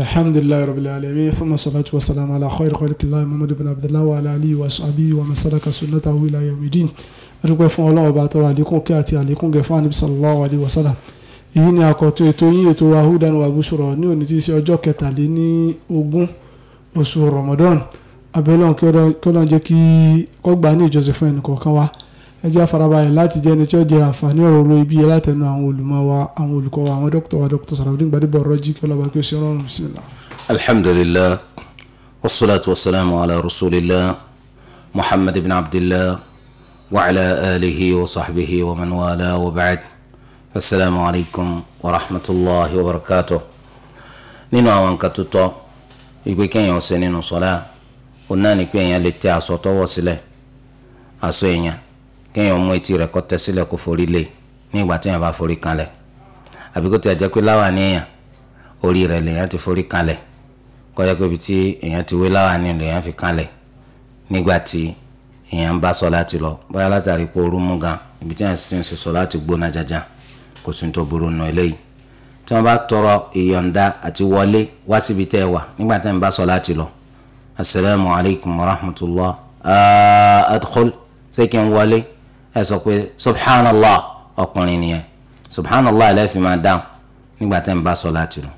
الحمد لله رب العالمين ثم الصلاة والسلام على خير خلق الله محمد بن عبد الله وعلى آله وصحبه ومن سلك سنته إلى يوم الدين adúpẹ́ fún ọlọ́run ọba tọrọ àlékún kí àti àlékún gẹ̀ fún àníbi sallallahu alaihi wasallam èyí ni àkọ́tún ètò yín ètò ahudan wa bushra ní òní tí í ṣe ọjọ́ kẹtàléní ogún oṣù ramadan abẹ́lọ́n kí ọlọ́run jẹ́ kí kọ́gbà ní ìjọsìn fún ẹnì kọ̀ọ̀kan wa ẹ jẹ́ àfarabalẹ̀ láti jẹ́ ẹni tí ó jẹ àǹfààní ọ̀rọ̀ olóyè bíi látẹnu àwọn olùmọ̀ wa àwọn olùkọ́ wa àwọn dókítà wa dókítà Sàràwùdín Gbadébọ̀ rọ́jí kí ọlọ́ba kí ó ṣe ọlọ́run bisimilá. alhamdulilah wasalaatu wasalaamu ala rasulillah muhammad ibn abdillah wa ala alihi wa sahbihi wa man wala wa ba'd asalaamu alaykum wa rahmatulahi wa barakatuh nínú àwọn nǹkan tó ìgbé kéèyàn ṣe nínú sọ́lá òun ni pé kéèyàn mú etí rẹ̀ kó tẹ́ sílẹ̀ kó forí lé ní ìgbà téèyàn bá forí kanlẹ̀ àbí kó tiẹ̀ jẹ́ pé láwà níyàn orí rẹ̀ lèèyàn ti forí kanlẹ̀ kó jẹ́ pé ibi tí èèyàn ti wé láwà ní lèèyàn fi kanlẹ̀ nígbà tí èèyàn ń bá sọ láti lọ báyà látàrí pé ooru mú gan ibi tí èèyàn sì ń sọ láti gbóná jaja kò sí tó burú nù eléyìí tí wọ́n bá tọrọ ìyọ̀ǹda àti wọlé wá síbi tẹ́ ẹ wà nígbà tí èèyàn bá sọ láti lọ asalaamualeykum wa rahmatulah adkhul ṣé kí n wọlé ẹ sọ pé subhanallah ọkùnrin nìyẹn subhanallah ẹ fi máa dáhùn nígbà tẹ́ ń bá sọ láti rùn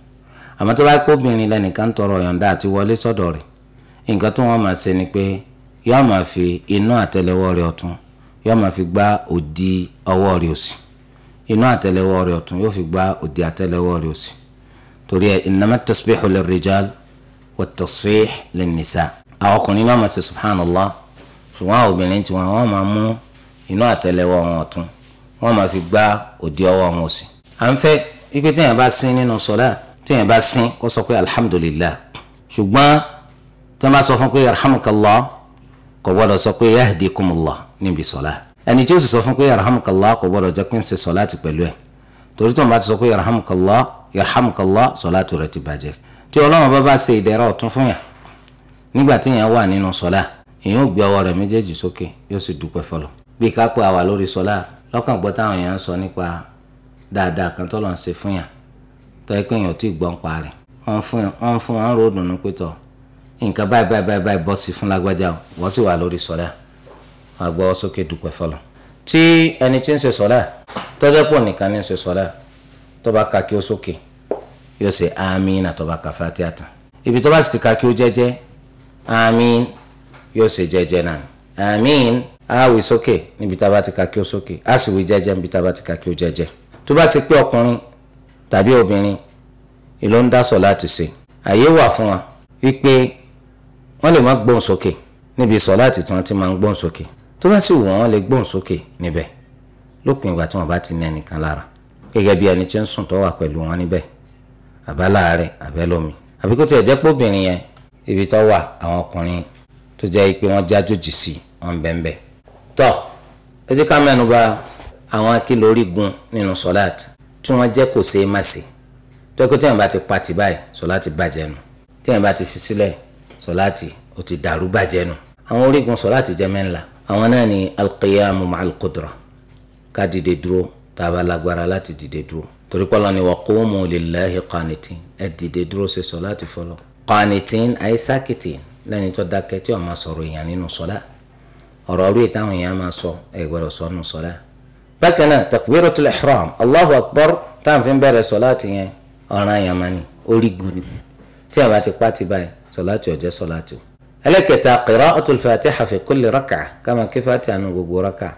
àmọ́ tó bá pé obìnrin lẹ́nìkan ń tọrọ ọ̀yọ̀ǹda àti wọlé sọ́dọ̀ rẹ̀ nǹkan tó wọ́n máa ṣe ni pé yóò máa fi inú àtẹ́lẹwọ́ rẹ̀ ọ̀tún yóò máa fi gbá òdì ọwọ́ rẹ̀ òsì inú àtẹ́lẹwọ́ rẹ̀ ọ̀tún yóò fi gbá òdì àtẹ́lẹwọ́ rẹ̀ òsì torí ẹ innama tasbihu lirrijal wa tasbih linnisa àwọn ọkùnrin náà máa ṣe subhanallah ṣùgbọ́n àwọn obìnrin tiwọn wọ́n máa mú inú àtẹ́lẹwọ́ wọn ọ̀tún wọ́n máa fi gbá òdi ọwọ́ wọn òsì. à ń fẹ́ wípé téèyàn bá sín nínú sọ́lá téèyàn bá sín kó sọ pé alhamdulillah ṣùgbọ́n tí wọ́n bá sọ fún pé yarhamukallah kò gbọ́dọ̀ sọ pé yahdikumullah níbi sọ́lá ẹni tí ó sì sọ fún pé yarhamukallah kò gbọ́dọ̀ jẹ́ pé ń ṣe sọ́lá ti pẹ̀lú ẹ̀ torí tí wọ́n bá ti sọ pé yarhamukallah yarhamukallah sọ́lá tó rẹ̀ ti bàjẹ́ tí ọlọ́run bá bá bí kápẹ́ àwà lórí sọ́lá lọ́kàn gbọ́ táwọn èèyàn ń sọ nípa dáadáa kan tọ́lọ̀ ń ṣe fún yàn tó yẹ pé èèyàn ò tí ì gbọ́ ń pa rẹ̀ wọ́n fún wọn rò dùnú pé tọ̀ nǹkan báyìí báyìí báyìí báyìí bọ́ sí fún lágbájá o wọ́n sì wà lórí sọ́lá wọ́n á gbọ́ sókè dúpẹ́ fọlọ́ tí ẹni tí ń ṣe sọ́lá tọ́jọ́ pọ̀ nìkan ní ṣe sọ́lá tó bá ka kí ó sókè yóò ṣe àmín tó bá ka Fatiha tán ibi tó bá sì ti ka kí ó jẹ́jẹ́ àmín yóò ṣe jẹ́jẹ́ náà àmín àwẹ̀ sókè níbi tá a bá ti ka kí ó sókè á sì wí jẹ́jẹ́ níbi tá a bá ti ka kí ó jẹ́jẹ́ tó bá ti pé ọkùnrin tàbí obìnrin ìlú ń dá sọ̀láàtì ṣe àyè wà fún wa wípé wọ́n lè má gbóhùn sókè níbi sọ̀láàtì tí wọ́n ti máa ń gbóhùn sókè tó bá sì wù wọ́n lè gbóhùn sókè níbẹ̀ lópin ìgbà tí wọ́n bá ti ní ẹnìkan lára gẹ́gẹ́ bí ẹni tí ń sùn tó wà pẹ̀lú wọn níbẹ̀ àbá láàárẹ̀ àbẹ́ lómi àbí kó tiẹ̀ jẹ́ pé obìnrin yẹn ibi tó wà àwọn ọkùnrin tó jẹ́ pé wọ́n jájòjì sí wọn bẹ́ẹ̀ bẹ́ẹ̀ tọ́ ẹ jẹ́ ká mẹ́nu bà àwọn akílò orígun nínú sọ́láàtì tí wọ́n jẹ́ kò ṣeé má ṣe tọ́kọ́ tí èèyàn bá ti pa tì báyìí sọ́láàtì bàjẹ́ nu tí èèyàn bá ti fi sílẹ̀ sọ́láàtì ó ti dàrú bàjẹ́ nu àwọn orígun sọ́láàtì jẹ́ mẹ́ńlá àwọn náà ni alqiyamu ma'al ká dìde dúró tá a bá lágbára láti dìde dúró torí pé Allah ni wa qumu lillahi qanitin ẹ dìde dúró ṣe sọ́láàtì fọlọ́ qanitin ay sakitin tó dákẹ́ tí ó máa sọ̀rọ̀ èèyàn nínú sọ́láàtì ọ̀rọ̀ orí ìtàwọn èèyàn máa sọ ẹ gbọ́dọ̀ sọ nù sọlá. bákan náà takbiratul ihram allahu akbar táwọn fi ń bẹ̀rẹ̀ sọláàtì yẹn ọ̀ràn àyàn máa ní orígun ni tí a bá ti pa ti báyìí sọláàtì ọ̀jẹ́ sọláàtì o. ẹlẹ́kẹta qira'atul fatiha fi kulli raka'a kama kí fatiha nù gbogbo raka'a.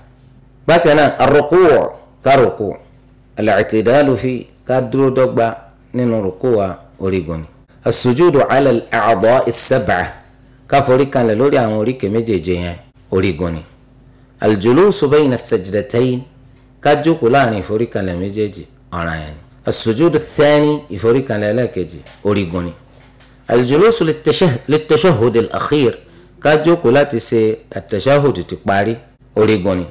bákan náà arruku' ká ruku al-i'tidalu ká dúró dọ́gba nínú ruku orígun ni. as-sujudu ala al-a'dha'i ká forí kanlẹ̀ lórí àwọn oríkèé méjèèjì yẹn orígun ni aljulusu bayna as-sajdatayn ká jókòó láàrin ìforíkanlẹ̀ méjèèjì ọ̀ranyàn ni as-sujudu ath-thani ìforíkanlẹ̀ ẹlẹ́ẹ̀kejì orígun ni aljulusu lit-tashahhud al-akhir ká jókòó láti ṣe at-tashahhud ti parí orígun ni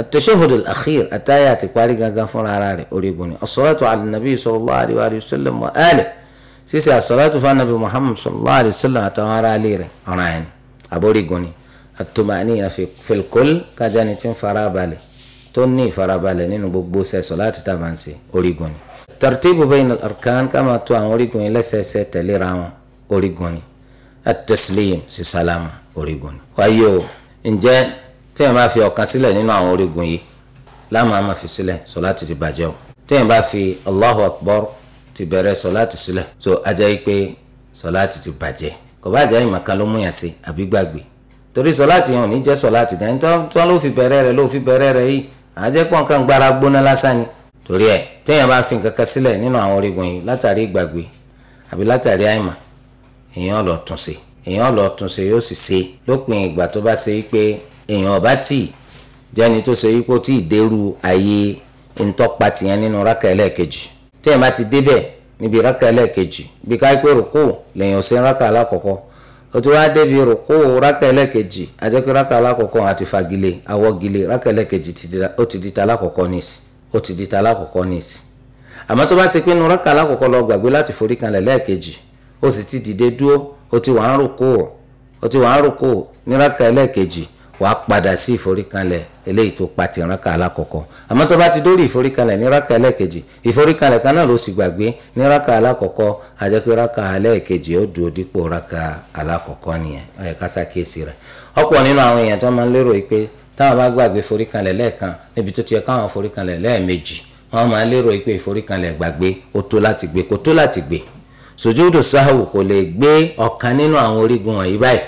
at-tashahhud al-akhir àtàyà ti parí gangan fúnra ara rẹ̀ orígun ni as-salatu ala an-nabi sallallahu alayhi sísè as fún anabi muhammad sallallahu alayhi wa àtàwọn ará ilé rẹ̀ ọ̀ranyàn ni àbórígun at-tuma'nina fil kull kájà ni ti ń farabalẹ̀ tó ní ìfarabalẹ̀ nínú gbogbo sẹ́sọ̀ láti tàbá ń ṣe orígun ni. tartibu bayna al-arkan ká máa tó àwọn orígun yìí lẹ́sẹẹsẹ tẹ̀léra wọn orígun ni at-taslim sí sálámà orígun ni. wáyé o ǹjẹ́ tí èèyàn bá fi ọ̀kan sílẹ̀ nínú àwọn orígun yìí láàmú àmà fi sílẹ̀ sọ̀láàtì ti bàjẹ́ o tí bá fi allahu akbar ti bẹ̀rẹ̀ sọ̀láàtì sílẹ̀ so ajá yìí pé sọ̀láàtì ti bàjẹ́ kò bá jẹ́ ìmọ̀kan ló mú sí àbí gbàgbé torí sọláàtì yẹn ò ní jẹ́ sọláàtì gan tí wọ́n ló fi bẹ̀rẹ̀ rẹ̀ ló fi bẹ̀rẹ̀ rẹ̀ yìí àjẹ́ pọ̀ nǹkan gbára gbóná lásán ni torí ẹ̀ téèyàn bá fi nǹkan kan sílẹ̀ nínú àwọn orígun yìí látàrí ìgbàgbé àbí látàrí àìmọ̀ èèyàn lọ tún ṣe èèyàn lọ tún ṣe yóò sì ṣe lópin ìgbà tó bá ṣe pé èèyàn ọba tì jẹ́ni tó ṣe wípé ó tí ì dérú ayé ntọ́pa tìyẹn nínú rákà ẹlẹ́ẹ̀kejì téèyàn bá ti débẹ̀ níbi rákà ẹlẹ́ẹ̀kejì bí káyipẹ́ rò kó lèèyàn ṣe rákà alákọ̀ọ́kọ́ o ti wá débi rúkú rákà ẹlẹ́kejì àjẹkù rákà alákọ̀ọ́kọ́ àti fagilé awọ́gilé rákà ẹlẹ́kejì ó ti di ta alákọ̀ọ́kọ́ nìsí ó ti di ta alákọ̀ọ́kọ́ nìsí àmọ́ tó bá ti pinnu rákà alákọ̀ọ́kọ́ lọ gbàgbé láti forí kanlẹ̀ lẹ́ẹ̀kejì ó sì ti dìde dúró ó ti wà rúkú ó ti wà rúkú ní rákà ẹlẹ́kejì wàá padà sí ìforí kanlẹ̀ eléyìí tó pa ti ránká alákọ̀ọ́kọ́ àmọ́ tó bá ti dórí ìforíkalẹ̀ ní ránká ẹlẹ́ẹ̀kejì ìforíkalẹ̀ kan náà ló sì gbàgbé ní ránká alákọ̀ọ́kọ́ àjẹpẹ́ ránká ẹlẹ́ẹ̀kejì ó dúró dípò ránká alákọ̀ọ́kọ́ nìyẹn ó yẹ ká ṣàkíyèsí rẹ̀ ọ̀pọ̀ nínú àwọn èèyàn tó máa ń lérò pé táwọn bá gbàgbé foríkalẹ̀ lẹ́ẹ̀kan níbi tó ti yẹ káwọn foríkalẹ̀ lẹ́ẹ̀mejì wọ́n máa ń lérò pé ìforíkalẹ̀ gbàgbé ó tó láti gbé kó tó láti gbé sùjúdù sáhù kò lè gbé ọ̀kan nínú àwọn orígun wọ̀nyí báyìí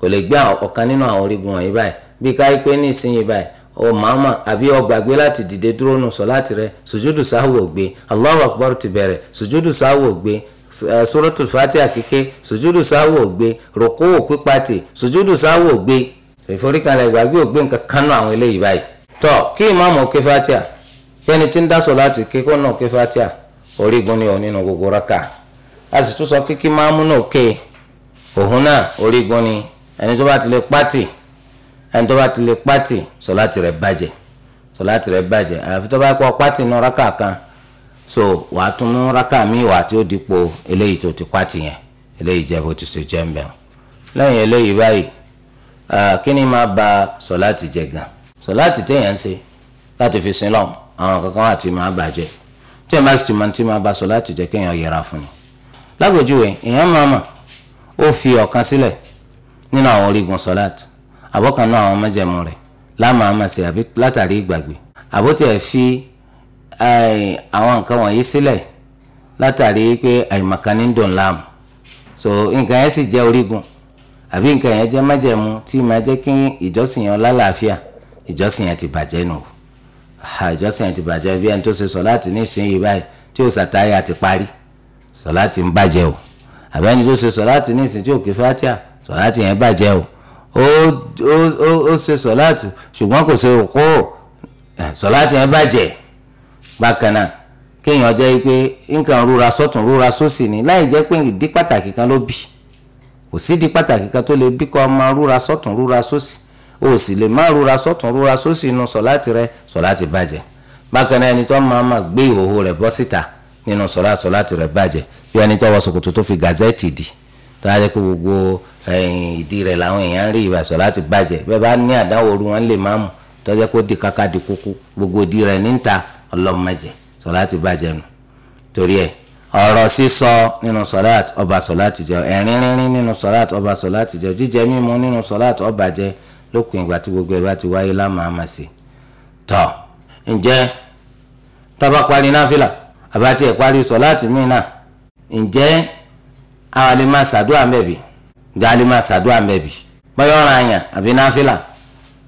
kò lè gbé ọ̀kan nínú àwọn orígun wọ̀nyí báyìí bí káyí pé ní ìsinyìí báyìí o màmá àbí o láti dìde dúró nù sọ láti rẹ sùjúdù sáwù ògbé Allahu ti bẹ̀rẹ̀ sùjúdù sáwù ògbé gbe fatiha kíké sùjúdù sáwù ògbé rùkúù pípatì gbe. sáwù ògbé ìforíkalẹ̀ ìgbàgbé ògbé nǹkan kan náà àwọn eléyìí báyìí. tọ́ kí ìmáàmù òkè fatia kẹ́ni tí ń láti ké kó òkè fatia orígun ni gbogbo raka a sì tún sọ òkè náà orígun ni ẹni tó bá ti lè ẹni tó bá ti lè pàtì sọláàtì rẹ̀ bàjẹ́ sọláàtì rẹ̀ bàjẹ́ àyàfi tó bá kọ́ pàtì náà rákà kan so wàá tún mú rákà míì wàá tí ó dípò eléyìí tó ti pàtì yẹn eléyìí jẹ́ bó ti ṣe jẹ́ mbẹ́ lẹ́yìn eléyìí báyìí kí ni máa ba sọláàtì jẹ́ gan sọláàtì téèyàn ń ṣe láti fi sin lọ́wọ́ àwọn kankan àti máa bàjẹ́ tí ẹ̀ máa sì ti máa ti máa ba sọláàtì jẹ́ kéèyàn yẹra fún ni lágbèjúwe èèyàn máa mọ̀ ó fi ọ̀kan sílẹ̀ nínú àwọn orígun sọláàtì àbọ̀kan náà àwọn májẹ̀mú rẹ̀ láàmú àmàṣe àbí látàrí ìgbàgbé àbótí ẹ̀ fi eh, àwọn nǹkan wọ̀nyí sílẹ̀ látàrí pé àìmọ̀kan ní dùn láàmú so nǹkan yẹn sì jẹ́ orígun àbí nǹkan yẹn jẹ́ májẹ̀mú tí máa jẹ́ kí ìjọsìn yẹn lálàáfíà ìjọsìn yẹn ti bàjẹ́ nù ìjọsìn yẹn ti bàjẹ́ bí ẹni tó ṣe sọ̀láàtì ní ìsinyìí báyìí tí ó sàtáyà ti parí sọ̀láàtì ń bàjẹ́ o àbí ẹni tó ṣe sọ̀láàtì ní ìsìn tí ò kí fátíà sọ̀láàtì yẹn bàjẹ́ o ó ṣe sọláàtì ṣùgbọ́n kò ṣe òkú sọláàtì yẹn bàjẹ́ bákan kéèyàn jẹ́ pé nǹkan rúra sọ́tún rúra sósì ni láì jẹ́ pé ìdí pàtàkì kan ló bì kò sídìí pàtàkì kan tó lè bí kó máa rúra sọ́tún rúra sósì o sì lè má rúra sọ́tún rúra sósì inú sọ̀láàtì rẹ sọ̀láàtì bàjẹ́ bákan ẹni tó máa ma gbé ìhòhò rẹ bọ́ síta nínú sọ̀láàtì rẹ bàjẹ́ bí ẹni tó wọ ìdí rẹ̀ làwọn èèyàn ń rí ìbàṣọ láti bàjẹ́ bẹ́ẹ̀ bá ní àdáwọ̀ oru wọn lè máàmù tọ́jẹ́ kó di kaka di kúkú gbogbo ìdí rẹ̀ níta ọlọ́mọdé sọ láti bàjẹ́ nù torí ẹ̀ ọ̀rọ̀ sísọ nínú sọ̀láàt ọba sọ̀láàt jẹ́ ẹ̀rín rínrín nínú sọ̀láàt ọba sọ̀láàt jẹ́ jíjẹ mímu nínú sọ̀láàt ọba jẹ́ lókun ìgbà tí gbogbo ẹ̀ bá ti wáyé lámàámà sí tọ́ ǹjẹ́ tọ́ba parí náfìlà àbátí ẹ̀ parí sọ̀láàt míì náà ǹjẹ́ àwọn lè máa ṣàdúrà mẹ́bìí gaali máa ṣàdúrà mẹ́bi báyọ̀ ọ̀ràn àyàn àbí náfìlà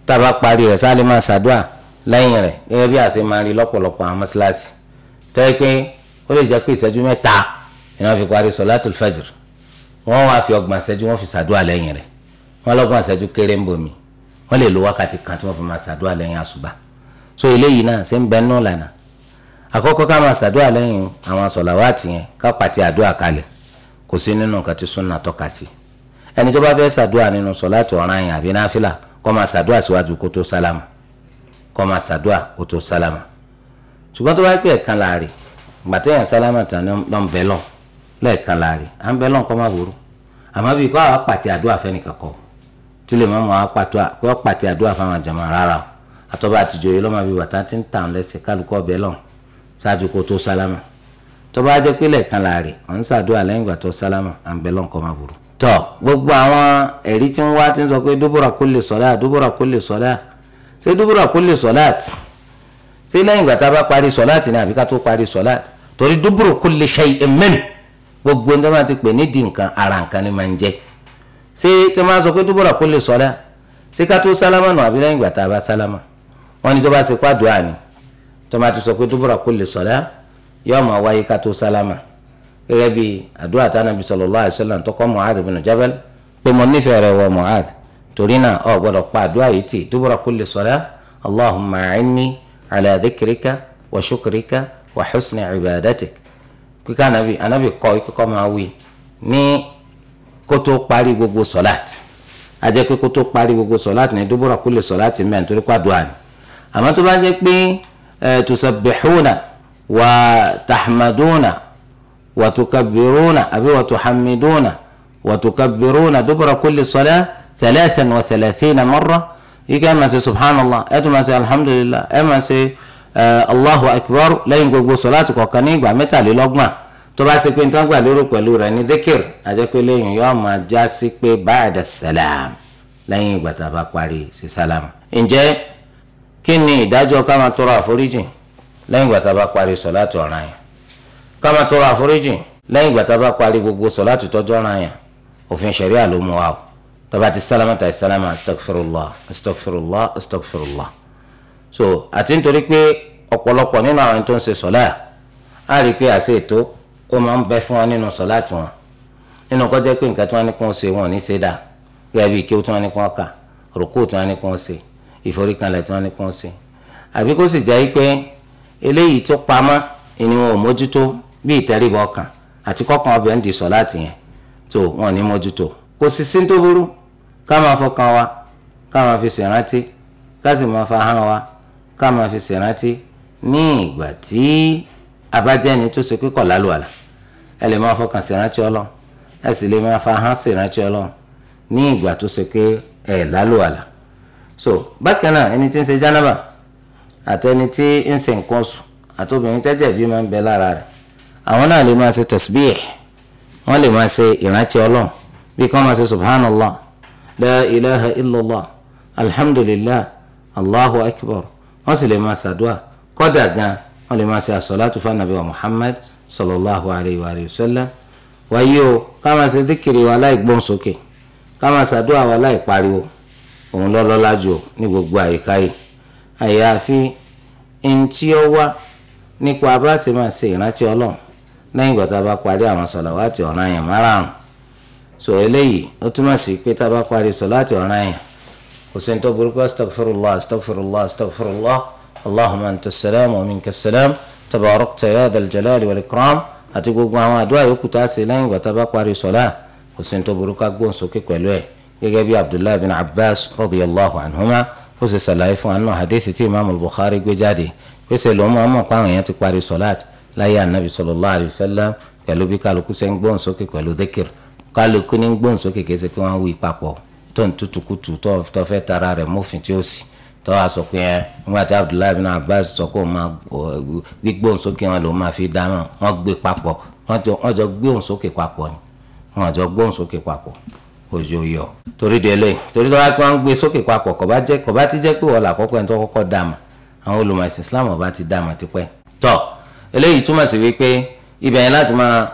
tába parí rẹ̀ sáà lè máa ṣàdúrà lẹ́yìn rẹ̀ gẹ́gẹ́ bí àṣẹ máa rí lọ́pọ̀lọpọ̀ àwọn mọ́ṣáláṣí tẹ́ pé ó lè jẹ́ pé ìṣẹ́jú mẹ́ta ni wọ́n fi parí sọ̀látùl fajr wọ́n wá fi ọgbọ̀n ìṣẹ́jú wọ́n fi ṣàdúrà lẹ́yìn rẹ̀ wọ́n lọ́gbọ̀n ìṣẹ́jú lo wákàtí kan tí wọ́n fi máa ṣàdúrà lẹ́yìn àṣùbà so eléyìí náà ṣe ń bẹ nù lànà àkọ́kọ́ ká máa ṣàdúrà lẹ́yìn àwọn sọ̀làwátì yẹn ká pàtẹ àdúrà kalẹ̀ kò sí nínú nǹkan tí súnà Si ẹni tó bá fẹ́ ṣàdúrà nínú sọ̀láàtì ọ̀ranyàn àbí náfìlà kó máa ṣàdúrà síwájú kó tó sálámà kó máa ṣàdúrà kó tó sálámà ṣùgbọ́n tó bá pẹ́ ẹ̀kan láàrin gbàtẹ́yàn sálámà tán ló ń bẹ lọ lẹ́ẹ̀kan láàrin à ń bẹ lọ́n kọ́ má burú àmọ́ bíi kó àwọn pàtẹ àdúrà fẹ́nìkan kọ́ tí lè mọ́mọ́ àwọn pàtẹ àdúrà fáwọn jàmá rárá o àtọ́ba àtijọ́yé lọ́mọ bíi bàtà ti ń tàn lẹ́sẹ̀ kálukọ́ bẹ lọ́n ṣáájú kó tó sálámà tó jẹ́ pé lẹ́ẹ̀kan láàrin ọ̀ ń ṣàdúrà lẹ́yìn ìgbà tó sálámà à ń bẹ kọ́ má burú tọ gbogbo àwọn ẹ̀rí tí wọ́n wá ti ń sọ pé dúbúrà kulli salat dúbúrà kulli salat ṣé dúbúrà kulli salat ṣé lẹ́yìn ìgbà tá a bá parí salat ni àbí ká tó parí salat torí dúbúrà kulli shay'in min gbogbo ní wọ́n ti pè ní di nǹkan ara nǹkan ni máa ń jẹ́ ṣé tí wọ́n sọ pé dúbúrà kulli salat ṣé ká tó sálámà nù àbí lẹ́yìn ìgbà tá a bá sálámà wọ́n ní tó bá salat yóò máa wáyé gẹ́gẹ́ bí àdúrà tí Ànábì sallallahu alaihi wasallam tó kọ́ Mu'adh ibn Jabal pé mo nífẹ̀ẹ́ rẹ wọ Mu'adh torí náà o gbọ́dọ̀ pa àdúrà yìí tì dubura kulli salah allahumma a'inni ala dhikrika wa shukrika wa husni ibadatik kíkà anabi anabi kọ́ kíkọ́ máa wí ní kótó parí gbogbo sọ̀láàt ajẹ́ pé kótó parí gbogbo sọ̀láàt ní dubura kulli sọ̀láàt mẹ́ nítorí pàdùà ni àmọ́ tó bá jẹ́ pé eh, tusabbihuna wa tahmaduna وتكبرون أبي وتحمدون وتكبرون دبر كل صلاة ثلاثا وثلاثين مرة يجي سي سبحان الله أتما سي الحمد لله أما سي آه الله أكبر لا ينقو صلاتك وكاني بعمتها للغمة tó bá ṣe pé nítorí gbà lérò pẹ̀lú rẹ̀ ní dhikr àjẹpẹ́ lẹ́yìn yóò máa já sí pé báàdà sàlám lẹ́yìn ìgbà tá a bá parí sí sálámà. ǹjẹ́ kí ni ìdájọ́ ká máa tọrọ àforíjì lẹ́yìn ìgbà tá a bá parí sọ̀láàtì ọ̀ranyàn? ká máa tọrọ àforíjì lẹ́yìn ìgbà tá a bá parí gbogbo sọ̀láàtì tọ́jú ọ̀ràn yẹn òfin ṣẹ̀ríà ló mú wa o tọ́ba ti sálámà tàì sálámà astagfirullah astagfirullah so àti nítorí pé ọ̀pọ̀lọpọ̀ nínú àwọn tó ń ṣe sọ̀lá á rí i pé àṣẹ ètò ó máa ń bẹ fún wọn nínú sọ̀lá tiwọn nínú kọjá pé nǹkan tí wọ́n ní kí wọ́n ṣe wọn ò ní ṣe dà gẹ́gẹ́ bíi kí wọ́n ní kí wọ́n kà rúkú tí wọ́n ní kí wọ́n ṣe ìforíkanlẹ̀ tí wọ́n ní kí wọ́n ṣe àbí kó sì jẹ́ pé eléyìí tó pamọ́ ìníwọ̀n mójútó bí ìtẹríba ọkàn àti kọ́kàn ọbẹ̀ ń di sọ láti yẹn tó wọn ní mójútó kò sì sí tó burú ká máa fọkàn wa ká máa fi ṣèrántí ká sì máa fa hàn wa ká máa fi ṣèrántí ní ìgbà tí abájẹ́ni tó ṣe kíkọ̀ lálùwàlà ẹ lè máa fọkàn ṣèrántí ọlọ́run ẹ sì lè máa fa hàn ṣèrántí ọlọ́run ní ìgbà tó ṣe pé ẹ lálùwàlà so bákan náà ẹni tí ń ṣe jánábà àtẹni tí ń ṣe nǹkan oṣù àtobìnrin tẹ́jẹ̀ bí máa ń bẹ lára rẹ̀ àwọn náà lè máa ṣe tasbih wọ́n lè máa ṣe ìrántí ọlọ́run bí kò máa ṣe subhanallah la ilaha illallah alhamdulillah allahu akbar wọ́n sì lè máa ṣàdúrà kọ́dà gan wọ́n lè máa ṣe àsọ̀látù fún anabi wa muhammad sallallahu alayhi wa sallam wáyé o ká máa ṣe díkìrì wa láì gbọ́n sókè ká máa ṣàdúrà wa láì pariwo òun lọ́lọ́lá jù ní gbogbo àyíká yìí àyàfi ẹni tí ó wá nípa bá ti máa ṣe ìrántí ọlọ́run lẹ́yìn ìgbà tá a bá parí àwọn sọ̀làwátì ọ̀ranyàn márààrún so eléyìí ó túmọ̀ sí pé tá a bá parí sọ̀làwátì ọ̀ranyàn kò sí ní tó burúkú astagfirullah astagfirullah astagfirullah allahumma anta salam wa minka salam tabarakta ya dal jalali wal ikram àti gbogbo àwọn àdúrà yòókù tá a ṣe lẹ́yìn ìgbà tá a bá parí sọ̀là kò sí ní tó burúkú agbóhùnsókè pẹ̀lú ẹ̀ gẹ́gẹ́ bí abdullahi bin abbas radiyallahu anhuma ó sì ṣàlàyé fún anú hadith tí imaamu bukhari gbé jáde pèsè lọ́mọ́ ọmọ pàwọn èèyàn ti parí sọ̀láàtì láyé anabi sallallahu alayhi wa sallam pẹ̀lú bí kálukú ṣe ń gbóhùn sókè pẹ̀lú dhikr kálukú ní gbóhùn sókè kése kí wọ́n wí papọ̀ tó ń tutukutu tó fẹ́ tara rẹ̀ mọ́fin tí ó sì tó a sọ pé ẹ nígbà tí abdullahi bin abbas sọ pé òun máa gbígbóhùn sókè wọn lòun máa fi dáná wọn gbé papọ̀ wọn jọ gbóhùn sókè papọ̀ ni wọn jọ gbóhùn sókè papọ̀ òjò yọ torí délé torí tó kí wọn gbé sókè papọ̀ kò bá ti jẹ́ pé wọn là kọ́kọ́ ẹni tó kọ́kọ́ dààmú àwọn olùmọ̀ ẹ̀sìn islam ọba ti dààmú tipẹ́ tọ́ eléyìí túmọ̀ sí wípé ibẹ̀ yẹn láti máa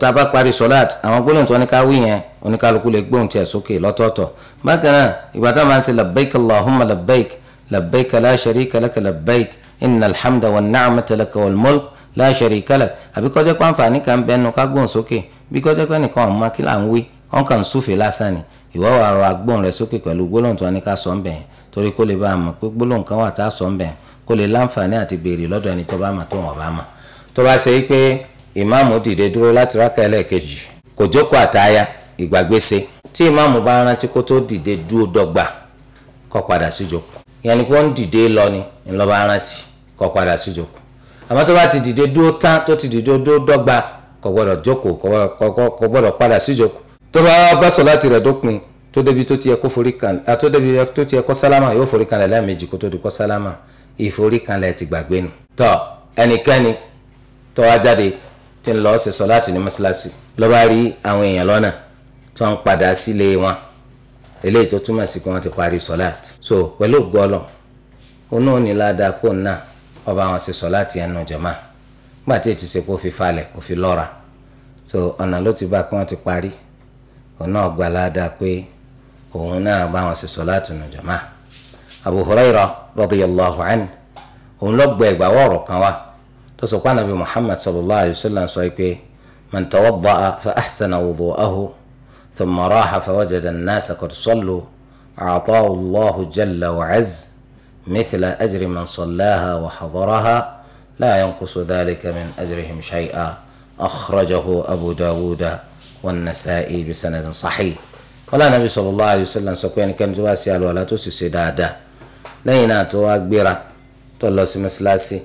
tá a bá parí sọ́láàt àwọn gbólóhùn tó ní ká wí yẹn oníkálukú lè gbóhùn tiẹ̀ sókè lọ́tọ̀ọ̀tọ̀ bákan náà ìgbà tá máa ń ṣe labbaik allahumma labbaik labbaik la sharika laka labbaik innal hamda wan ni'mata laka mulk la sharika lak àbí kó jẹ́ pé àǹfààní kan bẹ́ẹ̀ nu ká gbóhùn sókè bí kó jẹ́ pé nìkan ọ̀ma kí là ń wí ọ̀n kàn ń súfè lásán ni ìwọ́ wàá rọ agbóhùn rẹ̀ sókè pẹ̀lú gbólóhùn tó ní ká sọ ń bẹ̀yẹn torí kó lè bá a pé gbólóhùn kan wà tá a sọ ń bẹ̀yẹn kó lè láǹfààní àti béèrè lọ́dọ̀ ẹni tó bá mà tó wọn bá mà tó bá ṣe pé ìmáàmù dìde dúró láti rákà ẹlẹ́ẹ̀kejì kò jókòó àtàyà ìgbàgbése tí ìmáàmù bá rántí kó tó dìde dúró dọ́gba kó padà síjókòó ìyẹn ni pé ó ń dìde lọ ni ńlọba rántí kó padà síjókòó àmọ́ tó bá ti dìde dúró tán tó ti dìde dúró dọ́gba kò gbọ́dọ̀ jókòó kò gbọ́dọ̀ padà síjókòó tó bá bá sọ láti rẹ̀ dópin tó débi tó ti yẹ kó forí kan àtó débi tó ti yẹ kó sálámà yóò forí kan lẹ́ẹ̀mejì ìforíkanlẹ̀ ti gbàgbé ni. tọ́ ẹnikẹ́ni tó wá jáde tí ń lọ ṣe sọ́láàtì ní mọ́ṣáláṣí ló bá rí àwọn èèyàn lọ́nà tó ń padà sílé wọn eléyìí tó túmọ̀ sí pé wọ́n ti parí sọ́láàtì. so pẹ̀lú gọ́ọ̀lọ̀ onú òní ládàá pò ń náà ọba àwọn ṣe sọ́láàtì ẹnu jọ̀mọ́ nígbà tí ètùsẹ̀ kó fi falẹ̀ kó fi lọ́ra so ọ̀nà ló ti bá kí wọ́n ti parí òun náà gbà ládàá pé òun náà bá àwọn ṣe sọ́láàtì ẹnu jọ̀mọ́ abu huraira radiyallahu anhu òun ló gbọ́ ẹgbàá wọ̀rọ̀ kan wá tó sọ pé anabi muhammad sallallahu alayhi wa sallam sọ pé man tawadda'a fa ahsana wudu'ahu thumma raha fa wajada an-nasa qad sallu a'tahu allahu jalla wa azza mithla ajri man sallaha wa hadaraha la yanqusu dhalika min ajrihim shay'a akhrajahu abu dawud wan-nasa'i bi sanadin sahih wala anabi sallallahu alayhi wa sallam sọ pé ẹnikẹ́ni tó bá ṣe àlùwàlá tó sì ṣe dáadáa lẹ́yìn náà tó wá gbéra tó lọ sí mọ́ṣáláṣí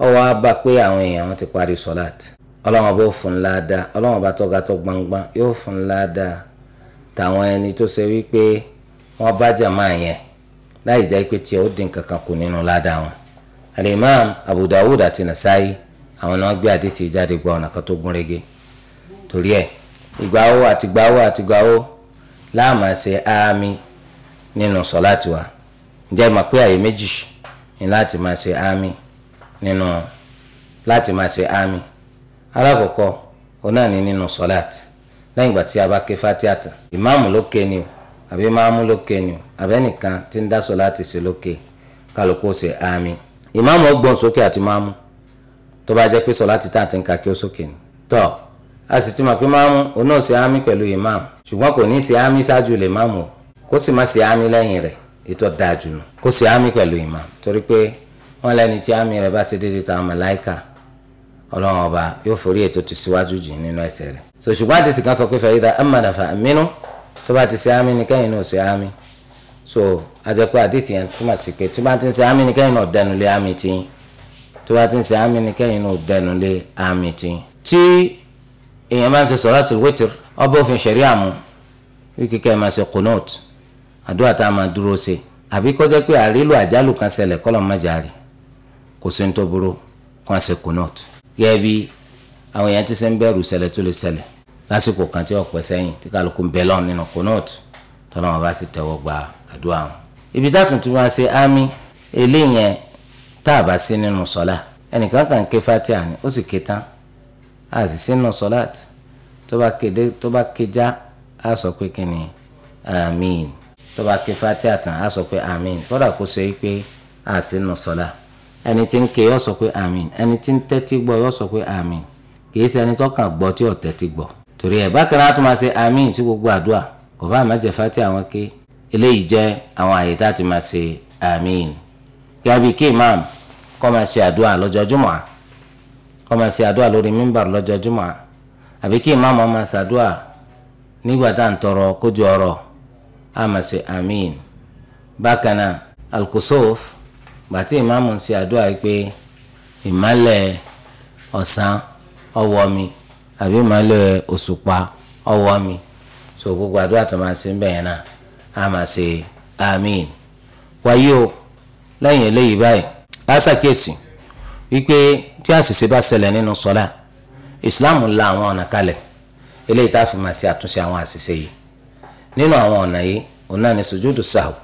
ó wá bá pé àwọn èèyàn wọn ti parí sọ́láàtì ọlọ́wọ́n bó fún ńlá dá ọlọ́wọ́n bá tọ́ga tó gbangban yóò fún ńlá dá tàwọn ẹni tó ṣe wípé wọ́n bá jàmá yẹn láì jẹ́ pé tiẹ̀ ó dín kankan kù nínú ládàá wọn alimam Abu Dawud àti Nasa'i àwọn náà gbé àdìsí jáde gba ọ̀nà kan tó gún régé torí ẹ̀ ìgbàwó àti gbàwó àti gbàwó láàmà ṣe àmì nínú sọ̀láàtì wa ǹjẹ́ mọ̀ pé àyè méjì ni láti máa ṣe àmì nínú láti máa ṣe àmì alákọ̀ọ́kọ́ ọ̀nà ni nínú sọ́láàt lẹ́yìn ìgbà tí a bá ké fatiha tán ìmáàmù ló ké ni o àbí máàmù ló ké ni o àbẹ́nìkan tí ń dá sọ́láàtì ṣe ló ké kálukú ṣe àmì ìmáàmù ó gbọ́n sókè àti máàmù tó bá jẹ́ pé sọ́láàtì tá à ń ka kí ó sókè ni tọ́ a sì ti mọ̀ pé máàmù òun náà ṣe àmì pẹ̀lú ìmáàmù ṣùgbọ́n kò ní ṣe àmì ṣáájú lè máàmù o kó sì má ṣe àmì lẹ́yìn rẹ̀ ètò dájú kó ṣe àmì pẹ̀lú ìmọ̀ torí pé wọ́n lẹ́ni tí àmì rẹ̀ bá ṣe déédéé táwọn màláìka ọlọ́run ọba yóò forí ètò tó síwájú jù nínú ẹsẹ̀ rẹ̀ so ṣùgbọ́n àti tìkan sọ pé fẹ́ yíra amànà fà mínú tó bá ti ṣe àmì ní kẹ́yìn náà ṣe àmì so àjẹpẹ́ àdìtì yẹn túmọ̀ sí pé tó bá ti ń ṣe àmì ní kẹ́yìn náà dẹnu lé àmì tiyín tó bá ti ń ṣe àmì ní kẹ́yìn náà dẹnu lé àmì tiyín tí èèyàn bá ń ṣe sọ̀rọ̀ àti wẹ́tìr ọba òfin ṣẹ̀rí àmú wíkíkẹ́ máa ṣe kùnọ́ọ̀tì àdúrà tá a máa dúró ṣe àbí kó jẹ́ pé àrílò àjálù kan ṣẹlẹ̀ kọ́ lọ́n má jà rí kò sí ní tó burú kàn ṣe kùnọ́ọ̀tù. gẹ́gẹ́ bí àwọn èèyàn ti ṣe ń bẹ̀rù ṣẹlẹ̀ tó lè ṣẹlẹ̀ lásìkò kan tí ọ̀pẹ sẹ́yìn tí kálukú ń bẹ lọ́n nínú kùnọ́ọ̀tù tọ́lá wọn bá sì tẹ́wọ́ gba àdúrà wọn. ibi dátùn tí wọ́n ṣe ámì eléyẹn tá a bá sí nínú sọ́lá ẹnìkan kàn ké fatia ni ó sì ké tán a sì sínú sọ́lá tó bá ké já a sọ pé kí ni àmín tó bá ké fati àtàn á sọ pé amin kódà kó sọ pé a sì nù sọlá ẹni tí ń ké yọ sọ pé amin ẹni tí ń tẹ́tí gbọ́ yọ sọ pé amin kìí ṣe ẹni tó kàn gbọ́ tí ò tẹ́tí gbọ́ torí ẹ̀ bákan náà tó máa ṣe amin sí gbogbo àdúrà kò bá àmọ́ jẹ fati àwọn ké eléyìí jẹ́ àwọn àyè tá a ti máa ṣe amin gàbí kí imam kọ́ máa ṣe àdúrà lọ́jọ́ jùmọ̀ kọ́ máa ṣe àdúrà lórí mímbàrú lọ́jọ́ jùmọ̀ àbí kí imam máa ṣàdúrà nígbà tá à ń àmà sí àmín bákan náà alkusuf gbàtí ìmáàmù ń ṣe àdúrà yìí pé ìmálẹ̀ ọ̀sán ọwọ́ mi àbí ìmálẹ̀ òṣùpá ọwọ́ mi so gbogbo àdúrà tó máa ṣe ń bẹ̀yẹn náà àmà sí àmín wáyé o lẹ́yìn eléyìí báyìí á ṣàkíyèsí wípé tí àṣìṣe bá ṣẹlẹ̀ nínú sọ́lá ìsìláàmù la àwọn ọ̀nà kalẹ̀ eléyìí tá a fi máa ṣe àtúnṣe àwọn àṣìṣe yìí nínú àwọn ọ̀nà yìí òun náà ni sùjúdù sahù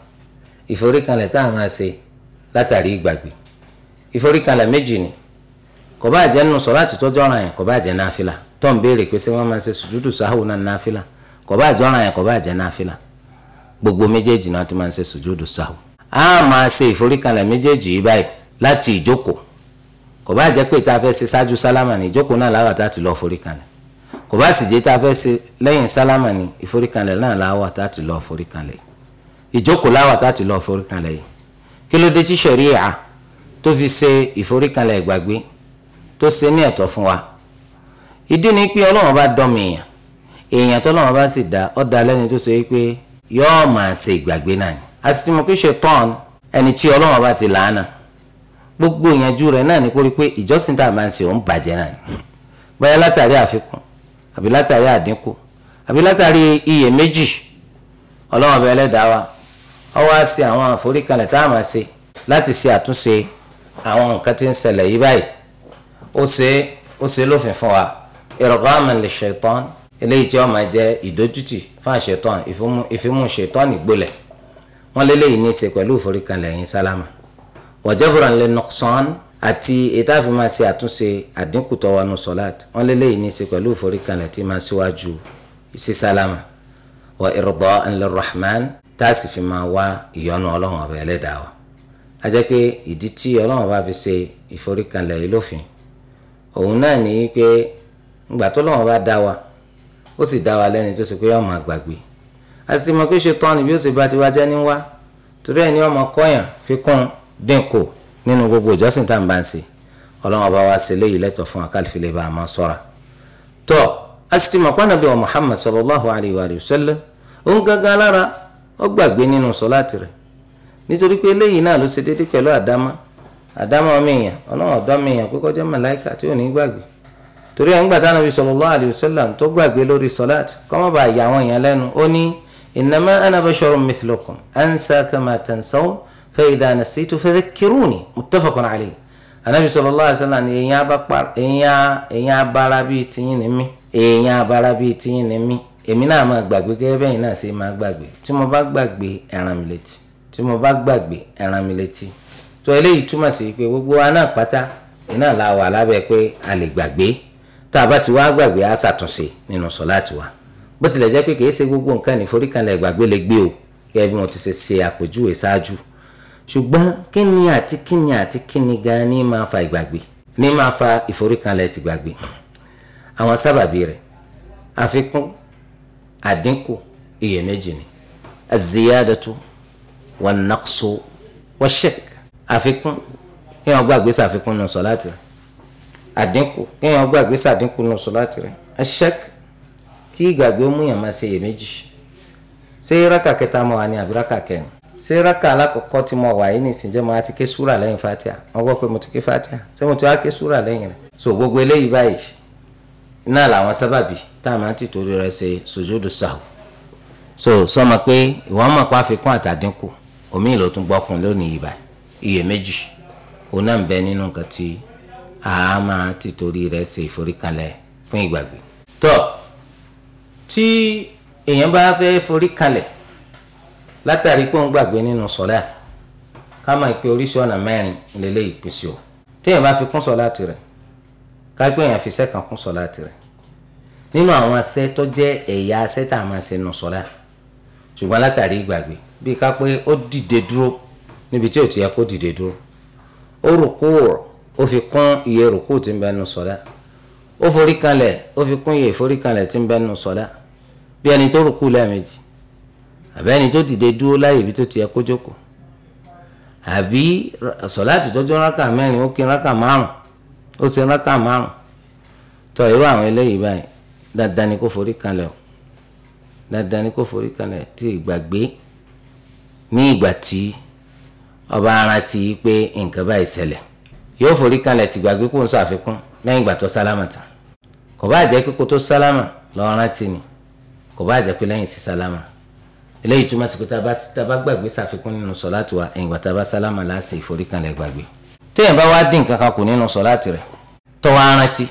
ìforíkanlẹ̀ tá a máa ṣe látàrí ìgbàgbé ìforíkanlẹ̀ méjì ni kò bá jẹ́ nínú sọ̀láàtì tó jọ́ràn yẹn kò bá jẹ́ náfìlà tó ń béèrè pé ṣé wọ́n máa ṣe sùjúdù sahù náà náfìlà kò bá jọ́ràn yẹn kò bá jẹ́ náfìlà gbogbo méjèèjì náà tó máa ń ṣe sùjúdù sahù a máa ṣe ìforíkanlẹ̀ méjèèjì yìí báyìí láti ìjókòó kò bá jẹ́ pé tá fẹ́ ṣe ṣáájú sálámà ní ìjókòó náà láwàtà ti lọ foríkanlẹ̀ kò bá sì jẹ́ tá a fẹ́ ṣe lẹ́yìn sálámà ni ìforíkanlẹ̀ náà láwà tá a ti lọ foríkanlẹ̀ ìjókòó láwà tá a ti lọ foríkanlẹ̀ yìí kí ló dé tí ṣẹ̀ríà tó fi ṣe ìforíkanlẹ̀ ìgbàgbé tó ṣe ní ẹ̀tọ́ fún wa ìdí ni pé ọlọ́run bá dán mi èèyàn èèyàn tó lọ́run bá sì dá ọ́ da lẹ́ni tó ṣe pé yọ́ọ́ máa ṣe ìgbàgbé náà ni àti tí mo kí ṣe tán ẹni tí ọlọ́run bá ti làánà gbogbo ìyànjú rẹ̀ náà ni kó rí pé ìjọsìn tá a máa ń ṣe òun bàjẹ́ náà ni báyọ̀ látàrí àfikún àbí látàrí àdínkù àbí látàrí iyèméjì ọlọ́run ọba ẹlẹ́dàá wa ọ wá sí àwọn àforíkalẹ̀ tá a máa ṣe láti ṣe àtúnṣe àwọn nǹkan tí ń ṣẹlẹ̀ yí báyìí ó ṣe ó ṣe lófin fún wa irghaman li shaitan eléyìí tí wọ́n máa jẹ́ ìdójútì fún àṣetán ìfimú ṣetán ìgbolẹ̀ wọ́n léléyìí ní í ṣe pẹ̀lú ìforíkalẹ̀ yín sálámà wa jabran li nuqsan àti ètò àfi máa ṣe àtúnṣe àdínkù tó wà nù sọ̀láàt wọn lélẹ́yìí ní í ṣe pẹ̀lú tí máa ṣíwájú sí sálámà wa irda'an lirrahman rahman a fi máa wá ìyọ́nú ọlọ́run ọba ẹlẹ́dàá wa. a jẹ́ pé ìdí tí ọlọ́run bá fi ṣe ìforíkalẹ̀ yìí lófin òun náà ní í pé ìgbà tó lọ́run bá dá wa ó sì dá wa lẹ́ni tó ṣe pé ọmọ àgbàgbé a sì ti mọ pé ṣe tán ni bí ó ṣe bá ti wá jẹ́ níwá torí ẹ̀ ọmọ kọ́yàn fi kún dínkù nínú gbogbo ìjọsìn tá à ń bá ń ṣe ọlọ́run ọba wa ṣe léyìí lẹ́tọ̀ fún akálífilẹ̀ bá a máa ṣọ́ra tó a sì ti mọ̀ pé ànábì wa Muhammad sallallahu alayhi wa sallam ó ń gángan lára ó gbàgbé nínú sọ́láàtì rẹ̀ nítorí pé léyìí náà ló ṣe déédéé pẹ̀lú àdámá àdámá ọmọ èèyàn ọlọ́run ọ̀dọ́ ọmọ èèyàn kókó jẹ́ màláìkà tí ò ní gbàgbé torí àwọn gbàtà nàbí sallallahu alayhi wa sallam tó gbàgbé lórí sọ́láàtì kọ́mọ́ bá yà àwọn èèyàn lẹ́nu ó ní innama ana basharun mithlukum ansa kama tansaw فإذا نسيت فذكروني متفق عليه anabi sallallahu alaihi wasallam ni يا بقر èèyàn يا bíi tiyín ni mí أمي abára bíi tiyín ni mí èmi náà máa gbàgbé gẹ́gẹ́ bẹ́yìn náà ṣe máa gbàgbé tí mo bá gbàgbé ẹ rán mi létí tí mo bá gbàgbé ẹ rán mi létí tó eléyìí túmọ̀ sí pé gbogbo wa náà pátá iná la wà lábẹ́ pé a lè gbàgbé tá a bá ti wá gbàgbé a ṣàtúnṣe nínú sọ̀láàtì wa bó tilẹ̀ jẹ́ pé kìí ṣe gbogbo nǹkan ìforíkanlẹ̀ gbàgbé lè gbé o gẹ́gẹ́ bí mo ti ṣe ṣe àpèjúwe ṣáájú ṣùgbọ́n kíni àti kíni àti kíni gan ni máa fa ìgbàgbé ni máa fa ìforíkanlẹ̀ ti gbàgbé àwọn sábàbí rẹ̀ àfikún àdínkù iyèméjì ni aziyadatu wa naqsu wa shek àfikún kéèyàn gbàgbé sàfikún nù sọláàtì rẹ̀ àdínkù kéèyàn gbàgbé sàdínkù nù sọláàtì rẹ̀ ashek kí ìgbàgbé ó múyàn máa ṣe iyèméjì ṣé rákà kẹta wa ni àbí rákà kẹrin sẹ́ráka alákọ̀ọ́kọ́ ti mo wa yìí nìsín mo ti ké súrà fatia wọ́n pé mo ti fatia ṣé mo ti wá ké súrà lẹ́yìn rẹ so gbogbo eléyìí báyìí náà làwọn sábàbí tá a máa ti torí ṣe so sọmọ pé ìwọ mọ̀ pa àfikún àtàdínkù omi ìlò tún lónìí ń bẹ nínú nǹkan tí a máa ti torí ṣe fún ìgbàgbé tọ tí èèyàn bá fẹ́ forí látàrí pé òun gbàgbé nínú sọlá ká máa pe oríṣi ọ̀nà mẹ́rin lélẹ́ ìpèsè o téèyàn bá fi kún sọlá tirẹ̀ ká pé èèyàn fi sẹ́kàn kún sọlá tirẹ̀ nínú àwọn asẹ́ tó jẹ́ ẹ̀yà asẹ́ tá a máa ṣe nù sọlá ṣùgbọ́n látàrí ìgbàgbé bí ká pé ó dìde dúró níbi tí ò ti yẹ kó dìde dúró ó rùkú ó fi kún iye rùkú tí ń bẹ nù sọlá ó forí kanlẹ̀ ó fi kún iye ìforí kanlẹ̀ tí ń bẹ nù sọlá bí ẹni tó rùkú lẹ́ẹ̀mejì àbẹ́ni tó dìde dúró láyè ibi tó ti yẹ kó jókòó àbí sọ̀láàtì tọ́jú rákà mẹ́rin ó kí rákà márùn ó ṣe rákà márùn tọ́ irú àwọn eléyìí báyìí dandan ni kó forí kanlẹ̀ o dandan ni kó forí kanlẹ̀ tí ìgbàgbé ní ìgbà tí ọba ara ti pé nǹkan báyìí ṣẹlẹ̀ yóò forí kanlẹ̀ tí ìgbàgbé kò ń sọ àfikún lẹ́yìn ìgbà tó sálámà tán kò bá jẹ́ pé kó tó sálámà lọ́ọ́ rántí ni kò bá jẹ́ pé lẹ́yìn sí sálámà eléyìí túmọ̀ sí pé tá a bá gbàgbé ṣàfikún nínú sọ̀láàtì wa ẹ̀yìn tá a bá sálámà láàṣẹ ìforíkanlẹ̀ gbàgbé téèyàn bá wá dín nǹkan kan kù nínú sọ̀láàtì rẹ̀ tó wá rántí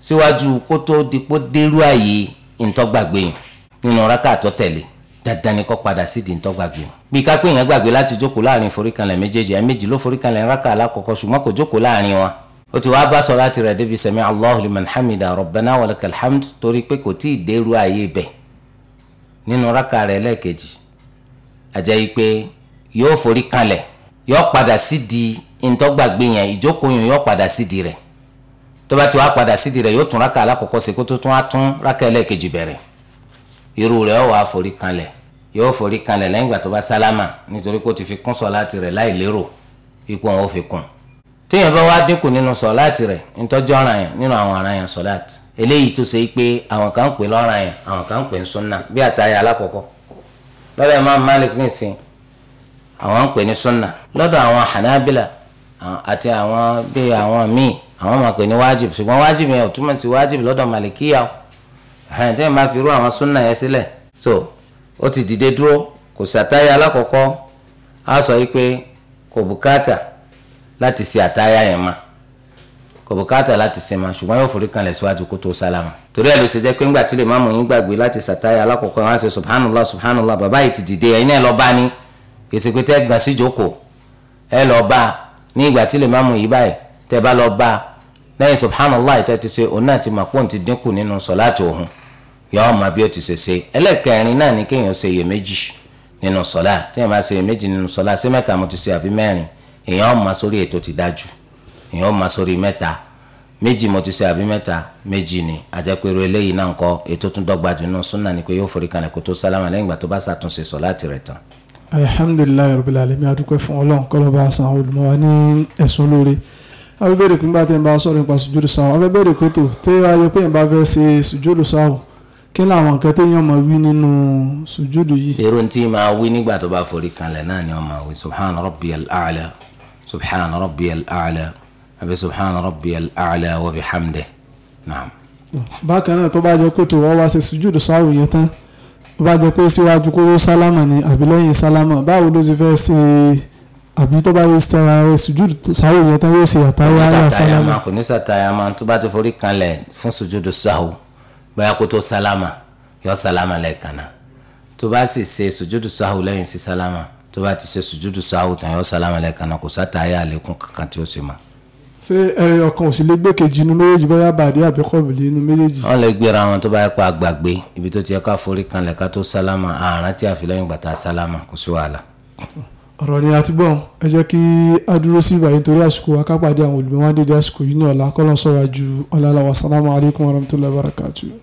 síwájú kó tó dipó dérú àyè ìǹtọ́gbàgbé yìí nínú rákà tó tẹ̀lé dandan ni kó padà sí di ìǹtọ́gbàgbé yìí bí kápẹ́ èèyàn gbàgbé láti jókòó láàrin ìforíkanlẹ̀ méjèèjì ẹ̀ méjì ló foríkanlẹ̀ rákà nínú rákà rẹ̀ lẹ́ẹ̀kejì àjẹ́ yìí pé yóò forí kalẹ̀ yóò padà sídìí ntọ́gbàgbé yẹn ìjókòó yẹn yóò padà sídìí rẹ̀ tó bá ti wá padà sídìí rẹ̀ yóò tún rákà alákọ̀ọ́kọ́ ṣe kó tó tún á tún rákà ẹlẹ́ẹ̀kejì bẹ̀rẹ̀ irú rẹ̀ ó wá forí kalẹ̀ yóò forí kalẹ̀ lẹ́yìn ìgbà tó bá sálámà nítorí kó ti fi kún sọ̀láàtì rẹ̀ láì lérò ikú àwọn ò fi kún téèyàn bá wá dínkù nínú sọ̀láàtì rẹ̀ ntọ́jọ́ ọ̀ràn yẹn nínú àwọn ọ̀ràn yẹn sọ̀láàtì eléyìí tó ṣe pé àwọn kan ń pè lọ́ràn yẹn àwọn kan ń pè ní sunna bí àtàyà alákọ̀ọ́kọ́ lọ́dọ̀ Imam Malik nìsín àwọn ń pè ní sunna lọ́dọ̀ àwọn Hanabila àti àwọn bíi àwọn míì àwọn máa pè ní wájib ṣùgbọ́n wájib yẹn ò túmọ̀ sí wájib lọ́dọ̀ Malikiya ẹ̀hìn tẹ́yìn máa fi rú àwọn sunna yẹn sílẹ̀ so ó ti dìde dúró kò sàtáyà alákọ̀ọ́kọ́ á sọ yìí pé kò bùkátà láti ṣe àtáyà yẹn máa kò bùkátà láti sinmi ṣùgbọ́n yóò forí kanlẹ̀ síwájú kó tó sálámà torí ẹ̀ ló ṣe jẹ́ pé ńgbà tí lè má mú yín gbàgbé láti sàtáyà alákọ̀ọ́kọ́ wọn ṣe subhanallah subhanallah bàbá yìí ti dìde ẹ̀yin náà lọ bá ní èsì pé tẹ́ gàn sí ìjókòó ẹ lọ bá ní ìgbà tí lè má mú yìí báyìí tẹ́ bá lọ bá lẹ́yìn subhanallah tẹ́ ti ṣe òun náà ti mà pọ́n ti dínkù nínú sọ̀láàtì òun yọ̀ọ́ mọ bí ó ti ṣe ṣe ẹlẹ́kẹrin náà ni kéèyàn ṣe iyèméjì nínú sọ̀lá tí èèyàn bá èèyàn máa sórí mẹ́ta méjì mo ti ṣe àbí mẹ́ta méjì ni àjẹpẹ̀rọ eléyìí náà ń kọ́ ètò tún dọ́gba dùnú súnà ni pé yóò forí kalẹ̀ kó tó sálámà lẹ́yìn ìgbà tó bá ṣàtúnṣe sọ láti rẹ̀ tán. alihamdulilayi rabil alamin adúpẹ́ fún ọlọ́run kọ́lọ́ba àṣà olùmọ̀ wa ní ẹ̀sùn lóore abẹ́ bẹ̀rẹ̀ pé ń bá tẹ̀ ń bá sọ̀rọ̀ nípa sùjúdù sáwọ̀ abẹ́ bẹ̀rẹ̀ pé tó tẹ́ ayọ̀ pé ń bá fẹ́ ṣe sùjúdù sáwọ̀ kí làwọn nǹkan téèyàn máa wí nínú sùjúdù yìí. èrò tí máa wí nígbà tó bá forí kanlẹ̀ náà ni wọ́n máa wí subhana rabbiyal a'la Subhanallah rabbiyal a'la àbí subhana rabbiyal a'la wa bihamdihi naam. bákan náà tó bá jẹ́ pé tó wọ́n wá ṣe sùjúdù sáwù yẹn tán tó bá jẹ́ pé síwájú kóró sálámà ni àbí lẹ́yìn sálámà báwo ló ti fẹ́ ṣe àbí tó bá yẹ sùjúdù sáwù yẹn tán yóò ṣe àtàyà àyà sálámà. kò ní sàtàyà máa tó bá ti forí kanlẹ̀ fún sùjúdù sáwù bóyá kó tó sálámà yọ sálámà lẹ́ẹ̀kan náà tó bá sì ṣe sùjúdù sáwù lẹ́yìn sí sálámà tó bá ti ṣe sùjúdù sáwù tán yọ sálámà lẹ́ẹ̀kan náà kò sàtàyà àlékún kankan tí ó ṣe máa ṣé ẹyọ kan ò sì lè gbé kejì inú méjèèjì bóyá bàdí àbí kọ̀bìlì inú méjèèjì. wọ́n lè gbéra wọn tó bá yẹ pa àgbàgbé ibi tó ti yẹ ká forí kanlẹ̀ ká tó sálámà àárín tí àfi lẹ́yìn gbàtà sálámà kò sí wàhálà. ọ̀rọ̀ ni àti gbọ́n ẹ jẹ́ kí a dúró sí ìbàyẹn torí àsìkò wa ká pàdé àwọn olùgbé wọn dédé àsìkò yìí ní ọ̀la kọ́lọ́ sọ̀rọ̀